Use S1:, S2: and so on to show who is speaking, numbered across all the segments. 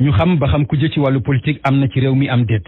S1: ñu xam ba xam ku jë ci wàllu politique am na ci réew mi am déet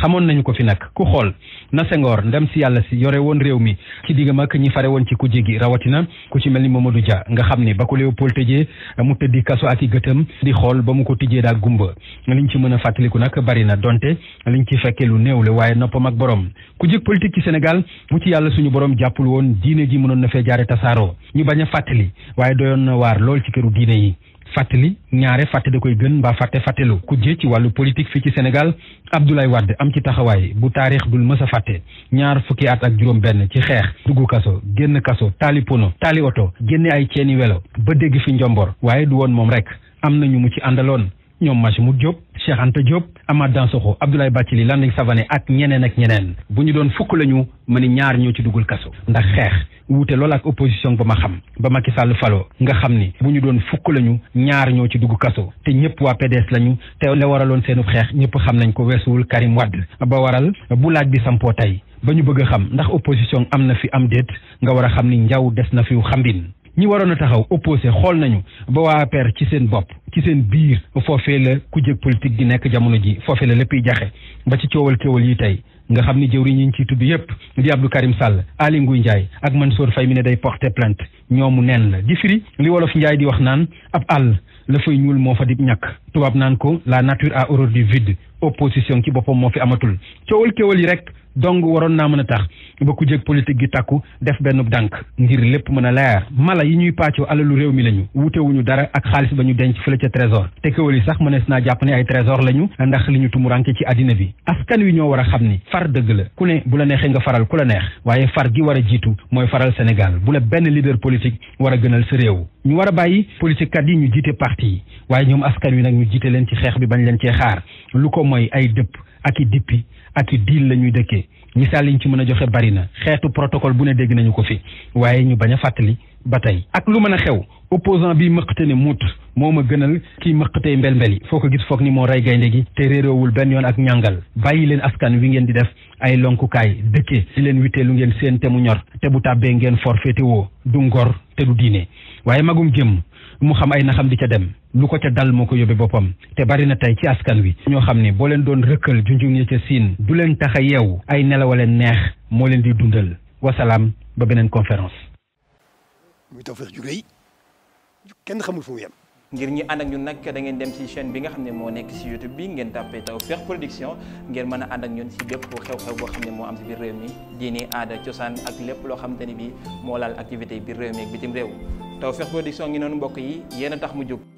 S1: xamoon nañu ko fi nag ku xool na Senghor ndem si yàlla si yore woon réew mi ci diggam ak ñi fare woon ci kujje gi rawatina ku ci mel ni Mamadou ja nga xam ni ba ko Léopold tëjee mu tëddi kaso ak i gëtam di xool ba mu ko tijjee daa gumba liñ ci mën a fàttaliku nag bari na donte liñ ci fekkee lu néew la waaye noppam ak borom ku jëg politique ci Sénégal mu ci yàlla suñu borom jàppul woon diine ji mënoon na fee jaare tasaaroo ñu bañ a fàttali waaye doyoon lool ci këru diine yi fàttali ñaare fàtte da koy gën mbaa fàtte fàttelu kujje ci wàllu politique fii ci Sénégal Abdoulaye Wade am ci taxawaay bu taarix dul mës a fàtte ñaar fukki at ak juróom benn ci xeex dugg kaso génn kaso taali pono taali oto génne ay ceeni welo ba dégg fi njombor waaye du woon moom rek am na ñu mu ci àndaloon ñoom Majhemout Diop Cheikh Anta Diop Amath Dansokho Abdoulaye Bathily Landing Savané ak ñeneen ak ñeneen bu ñu doon fukk lañu ma ni ñaar ñoo ci dugal kaso ndax xeex wute loolu ak opposition ba ma xam ba Macky Sall falo nga xam ni bu ñu doon fukk lañu ñaar ñoo ci dugg kaso te ñëpp waa PDS lañu te la waraloon seenu xeex ñëpp xam nañ ko weesuwul Karim Wade ba waral bu laaj bi sampoo tey ba ñu bëgg a xam ndax opposition am na fi am déet nga war a xam ni njaw des na fi xambin ñi waroon a taxaw opposé xool nañu ba waa APR ci seen bopp ci seen biir foofee la ku jëg politique gi nekk jamono ji foofee la léppiy jaxe ba ci coowal kéwal yi tey nga xam ni jëwriñ yi ñu ciy tudd yépp di Abdou Karim Sall Aly Ngouille Ndiaye ak Mansour Faye mi ne day porter plainte ñoomu nen la di firi li wolof njaay di wax naan ab àll la fay ñuul moo fa di ñàkk tubaab naan ko la nature a horreur du vide opposition ci boppam moo fi amatul coowal kéwal yi rek dong waroon naa mën a tax ba ku jég politique gi tàkku def benn dànk ngir lépp mën a leer mala yi ñuy pàccoo alalu réew mi lañu wutewuñu dara ak xaalis ba ñu denc fële ca trésor te kéwal yi sax mënees naa jàpp ne ay trésor lañu ndax li ñu tumuranke ci àddina bi askan wi ñoo a xam ni far dëgg la ku ne bu la neexee nga faral ku la neex waaye far gi war a jiitu mooy faral Sénégal bu la politique war a gënal sa réew ñu war a bàyyi politique kat yi ñu jiite parti waaye ñoom askan wi nag ñu jiite leen ci xeex bi bañ leen cee xaar lu ko mooy ay dëpp ak i dippi ak i diil la ñuy dëkkee misaal yi ñu ci mën a joxe bari na xeetu protocole bu ne dégg nañu ko fi waaye ñu bañ a fàttali ba tey ak lu mën a xew opposant bi mëqate ne muut moo ma gënal kii mëqatee mbel mbel yi foo ko gis foog ni moo rey gaynde gi te réeroowul benn yoon ak ñàngal bàyyi leen askan wi ngeen di def ay lonkukaay dëkkee di leen wittee lu ngeen seen te mu ñor te bu tàbbee ngeen forfeete woo du ngor te du diine waaye magum jëm mu xam ay naxam di ca dem lu ko ca dal moo ko yóbbe boppam te bari na tey ci askan wi ñoo xam ne boo leen doon rëkkal junjung yi ca siin du leen tax a yeewu ay nelawaleen neex moo leen di dundal wasalaam ba beneen conférence.
S2: muy Tawfekh kenn xamul fu mu ngir ñi ànd ak ñun nag da ngeen dem ci chaîne bi nga xam ne moo nekk ci YouTube bi ngeen tàppee Tawfekh Production ngeen mën a ànd ak ñun ci bépp xew-xew boo xam ne moo am ci biir réew mi diini aada cosaan ak lépp loo xamante ni bi moo laal activité biir réew mi ak bitim réew Tawfekh tax mu jóg.